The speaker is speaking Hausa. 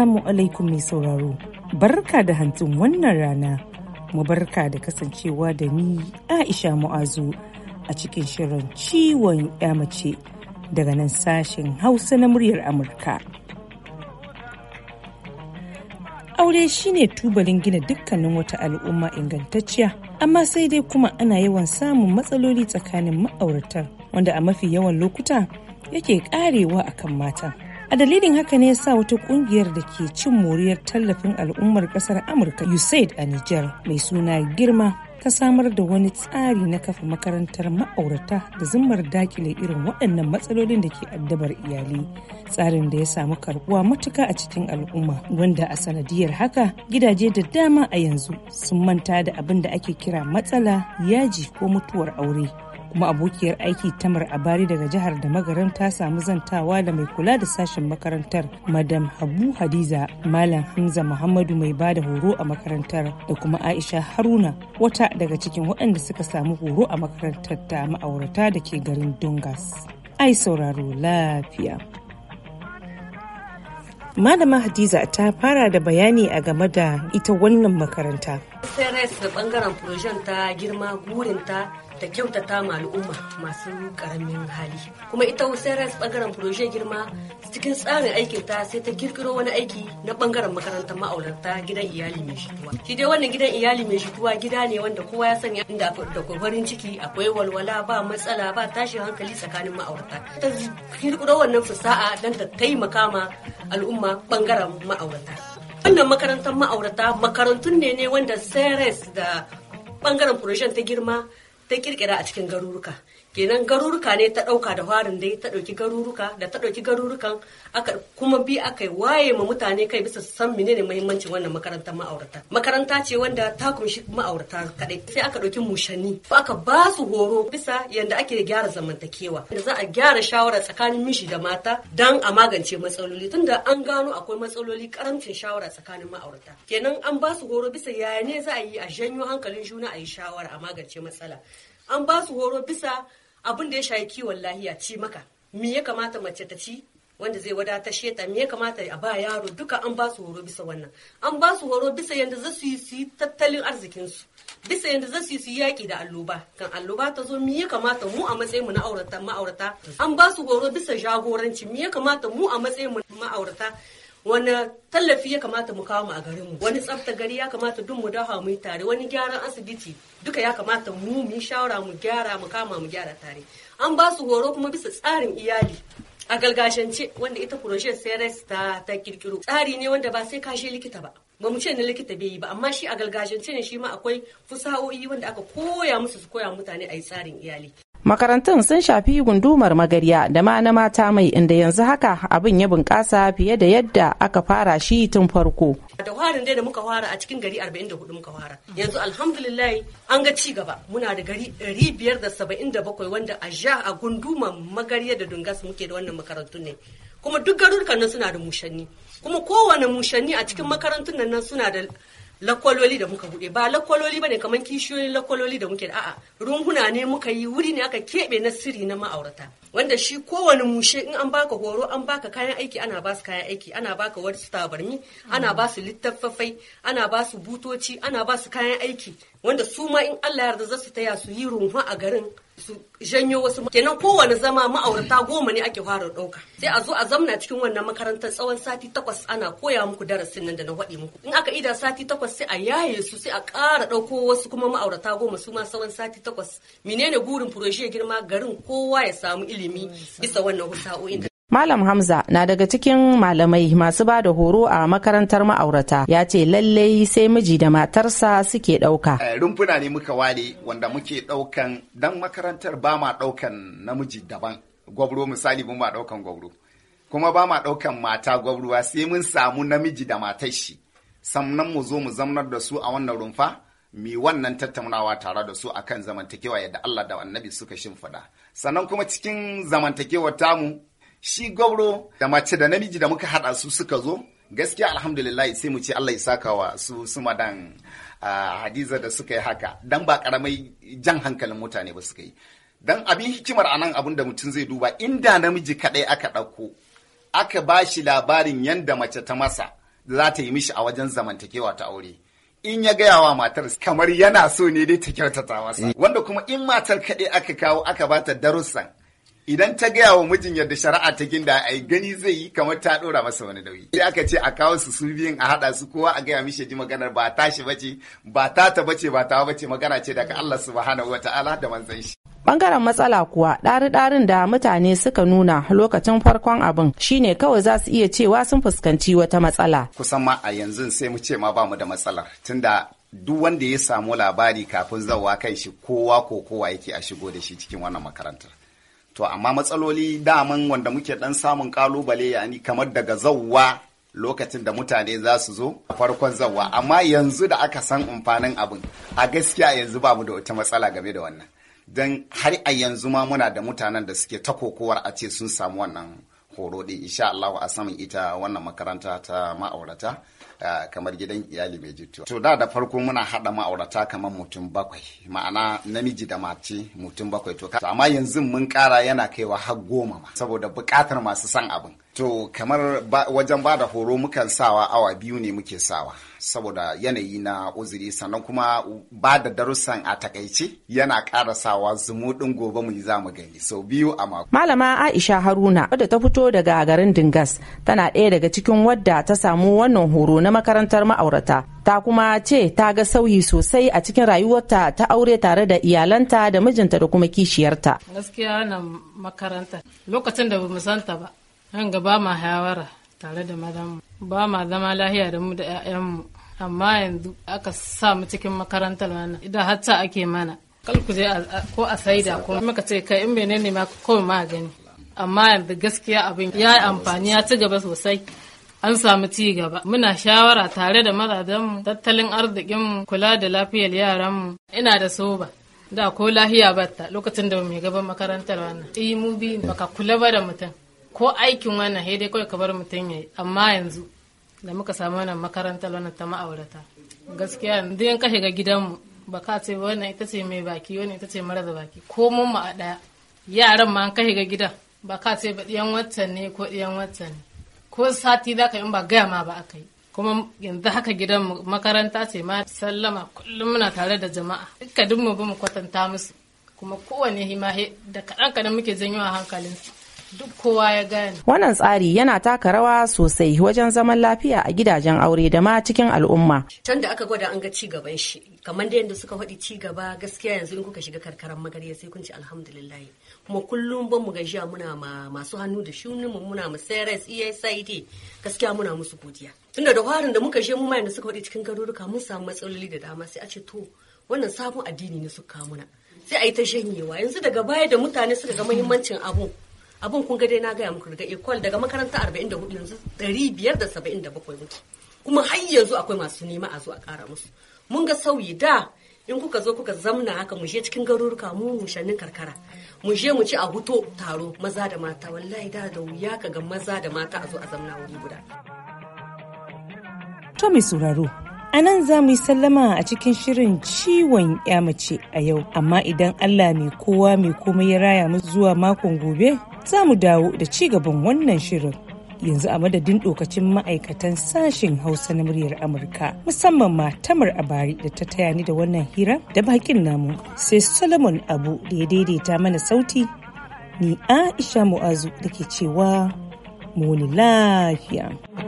Assalamu alaikum mai sauraro, barka da hantsin wannan rana, mu barka da kasancewa da ni Aisha Mu'azu a cikin shirin ciwon mace daga nan sashen Hausa na muryar Amurka. Aure shine tubalin gina dukkanin wata al'umma ingantacciya, amma sai dai kuma ana yawan samun matsaloli tsakanin ma'auratan wanda a mafi yawan lokuta yake karewa akan mata. a dalilin haka ne sa wata kungiyar da ke cin moriyar tallafin al'ummar kasar amurka usaid a niger mai suna girma ta samar da wani tsari na kafa makarantar ma'aurata da zimmar dakile irin waɗannan matsalolin da ke addabar iyali tsarin da ya samu karbuwa matuka a cikin al'umma wanda a sanadiyar haka gidaje da dama a yanzu sun manta da abin da ake kira matsala yaji ko mutuwar aure kuma abokiyar aiki tamar abari daga jihar da magaran ta samu zantawa da mai kula da sashen makarantar madam habu hadiza malam hamza muhammadu mai ba da horo a makarantar da kuma aisha haruna wata daga cikin waɗanda suka samu horo a makarantar ta ma'aurata da ke garin dungas ai sauraro lafiya malama hadiza ta fara da bayani a game da ita wannan makaranta CRS da bangaren projen ta girma gurinta ta kyautata ma al'umma masu karamin hali kuma ita CRS bangaren proje girma cikin tsarin aikin ta sai ta kirkiro wani aiki na bangaren makarantar ma'aurata gidan iyali mai shituwa shi dai wannan gidan iyali mai shituwa gida ne wanda kowa ya sanya inda da kwarin ciki akwai walwala ba matsala ba tashin hankali tsakanin ma'aurata ta kirkiro wannan fasaha don ta taimaka ma al'umma bangaren ma'aurata wannan makarantar ma'aurata makarantun ne ne wanda ceres da bangaren projen ta girma ta kirkira a cikin garuruka kenan garuruka ne ta ɗauka da harin dai ta ɗauki garuruka da ta ɗauki garurukan kuma bi aka yi waye ma mutane kai bisa su san menene muhimmancin wannan makarantar ma'aurata makaranta ce wanda ta kunshi ma'aurata kadai sai aka ɗauki mushani aka ba su horo bisa yadda ake gyara zamantakewa da za a gyara shawara tsakanin miji da mata dan a magance matsaloli tunda an gano akwai matsaloli karamcin shawara tsakanin ma'aurata kenan an ba su horo bisa yaya ne za a yi a janyo hankalin juna a yi shawara a magance matsala an ba su horo bisa abin da ya shayi kiwon lahiya ci maka me ya kamata mace ta ci wanda zai wadatar sheta me ya kamata a ba yaro duka an ba su horo bisa wannan an ba su horo bisa yadda za su yi tattalin arzikinsu bisa yadda za su yi yaƙi da alloba kan alloba ta zo me ya kamata mu a matsayin mu na aurata ma'aurata an ba su horo bisa jagoranci me ya kamata mu a matsayin mu ma'aurata wani tallafi ya kamata mu kawo mu a garinmu wani tsafta gari ya kamata duk mu dafa mu tare wani gyaran asibiti duka ya kamata mu mu shawara mu gyara mu kama mu gyara tare an ba su horo kuma bisa tsarin iyali a galgashance wanda ita projet seres ta ta kirkiro tsari ne wanda ba sai kashe likita ba ba mu ce na likita bai yi ba amma shi a galgashance ne shi ma akwai fusahoyi wanda aka koya musu su koya mutane a yi tsarin iyali makarantun sun shafi gundumar magarya da ma na mata mai inda yanzu haka abin ya bunƙasa fiye da yadda aka fara shi tun farko da warin dai da muka fara a cikin gari 44 muka fara yanzu alhamdulillah an ga ci gaba muna da gari 577 wanda a ja a gundumar magarya da dungas muke da wannan makarantun ne kuma duk garurukan nan suna da mushanni kuma kowane mushanni a cikin makarantun nan suna da lakwaloli da muka buɗe ba lakwaloli bane kamar kishiyoyin lakwaloli da muke a'a runguna ne muka yi wuri ne aka keɓe na sirri na ma'aurata wanda shi kowane mushe in an baka horo an baka kayan aiki ana ba su kayan aiki ana baka wasu tabarmi ana ba su littafafai ana ba su butoci ana ba su kayan aiki wanda su ma in Allah yarda za su taya su yi runhu a garin su janyo wasu kenan kowane zama ma'aurata goma ne ake fara ɗauka sai a zo a zamna cikin wannan makarantar tsawon sati takwas ana koya muku darasin nan da na faɗi muku in aka ida sati takwas sai a yaye su sai a ƙara ɗauko wasu kuma ma'aurata goma su ma tsawon sati takwas menene burin furoshe girma garin kowa ya samu ilimi bisa wannan husa'o'in da Malam Hamza na daga cikin malamai masu ba da horo a makarantar ma'aurata ya ce lallai sai miji da matarsa suke ɗauka. Eh, rumfuna ne muka ware wanda muke ɗaukan dan makarantar ba ma ɗaukan namiji daban. Gwabro misali mun ba ɗaukan gwabro. Kuma ba ma ɗaukan mata gwabruwa sai mun samu namiji da matar shi. Sannan mu zo mu zamnar da su a wannan rumfa. mi wannan tattaunawa tare da su a kan zamantakewa yadda Allah da annabi suka shimfiɗa sannan kuma cikin zamantakewar tamu shi gwabro da mace da namiji da muka haɗa su suka zo gaskiya alhamdulillah sai mu ce Allah ya saka wa su su madan ah, hadiza da suka yi haka dan ba karamai jan hankalin mutane ba suka yi dan abin hikimar anan abin da mutum zai duba inda namiji kadai aka ɗauko aka ba shi labarin yanda mace ta masa za ta yi mishi a wajen zamantakewa ta aure in ya gaya wa matar kamar yana so ne dai ta kyautata masa mm. wanda kuma in matar kaɗai aka kawo aka ba ta darussan idan ta gaya wa mijin yadda shari'a ta ginda a yi gani zai yi kamar ta ɗora masa wani nauyi sai aka ce a kawo su su biyun a haɗa su kowa a gaya mishi ji maganar ba tashi bace ba ta ta bace ba ta bace magana ce daga Allah subhanahu wataala da manzon shi bangaren matsala kuwa ɗari-ɗarin da mutane suka nuna lokacin farkon abin shine kawai za su iya cewa sun fuskanci wata matsala kusan ma a yanzu sai mu ce ma ba mu da matsalar tunda duk wanda ya samu labari kafin zawa kan shi kowa ko kowa yake a shigo da shi cikin wannan makarantar to amma matsaloli daman wanda muke dan samun kalubale yani kamar daga zawwa lokacin da mutane za su zo a farkon zawwa amma yanzu da aka san amfanin abin a gaskiya yanzu babu da wata matsala game da wannan don har a yanzu ma muna da mutanen da suke ta kokowar a ce sun samu wannan horo din insha Allah a saman ita wannan makaranta ta ma'aurata kamar gidan iyali mai jituwa. To da da farko muna haɗa ma'aurata kamar mutum bakwai ma'ana namiji da mace mutum bakwai to amma yanzu mun ƙara yana kaiwa har goma ma saboda buƙatar masu san abin. To kamar wajen ba da horo mukan sawa awa biyu ne muke sawa saboda yanayi na uzuri sannan kuma ba da darussan a takaice yana ƙara sawa zumuɗin gobe mu za mu gani sau biyu a mako. Malama Aisha Haruna wadda ta fito daga garin Dingas tana ɗaya daga cikin wadda ta samu wannan horo na makarantar ma'aurata. Ta kuma ce ta ga sauyi sosai a cikin rayuwarta ta aure tare da iyalanta da mijinta da kuma kishiyarta. Gaskiya na makaranta lokacin da bamu santa ba, nan gaba ma hawara tare da madamu ba ma zama lahiya da mu da 'ya'yanmu. Amma yanzu aka sa cikin makarantar mana, idan hatta ake mana. kalku je ko a saida ko muka ce kai in menene ma ko ma gani amma yanzu gaskiya abin ya yi amfani ya ci gaba sosai an samu ci gaba muna shawara tare da mazajen tattalin arzikinmu kula da lafiyar yaranmu ina da soba da ko lahiya batta lokacin da mai gaban makarantar wannan yi e, mu bi baka kula ba da mutum ko aikin wannan dai kawai ka bar mutum yayi amma yanzu da muka samu wannan makarantar wannan ta ma'aurata gaskiya yanzu in ka shiga gidanmu ka ce wannan ita ce mai baki wannan ita ce mara da baki ko mun mu a daya yaran ma an ka shiga gidan ba ka ce ba ɗiyan watan ne ko ɗiyan watan ko sati za ka yi ba gaya ma ba aka yi kuma yanzu haka gidan makaranta ce ma sallama kullum muna tare da jama'a duka duk mu mu kwatanta musu kuma kowane hima da kaɗan kaɗan muke janyo a hankalin duk kowa ya gane. Wannan tsari yana taka rawa sosai wajen zaman lafiya a gidajen aure da ma cikin al'umma. Can da aka gwada an ga ci gaban shi, kamar da yadda suka faɗi ci gaba gaskiya yanzu in kuka shiga karkaran magarya sai kun ci alhamdulillah. kuma kullum ban mu gajiya muna masu hannu da shunin mu muna ma CRS ESID gaskiya muna musu godiya tunda da kwarin da muka je mu mai da suka faɗi cikin garuruka mun samu matsaloli da dama sai a ce to wannan sabon addini ne suka muna sai a yi ta shanyewa yanzu daga baya da mutane suka ga muhimmancin abun abun kun ga dai na gaya muku daga ecole daga makaranta 44 yanzu 577 muke kuma har yanzu akwai masu nema a zo a kara musu mun ga sauyi da in kuka zo kuka zamna haka mu je cikin garuruka mu shannin karkara mu je mu ci a huto taro maza da mata wallahi da da wuya ka ga maza da mata a zo a zamna wuri guda to mai sauraro a nan za mu yi sallama a cikin shirin ciwon ya mace a yau amma idan allah mai kowa mai komai ya raya mu zuwa makon gobe za mu dawo da ci gaban wannan shirin yanzu a madadin dokacin ma'aikatan sashen hausa na muryar amurka musamman ma tamar abari da ta taya ni da wannan hira da bakin namu sai solomon abu da ya daidaita mana sauti ni aisha mu'azu da ke cewa muni lafiya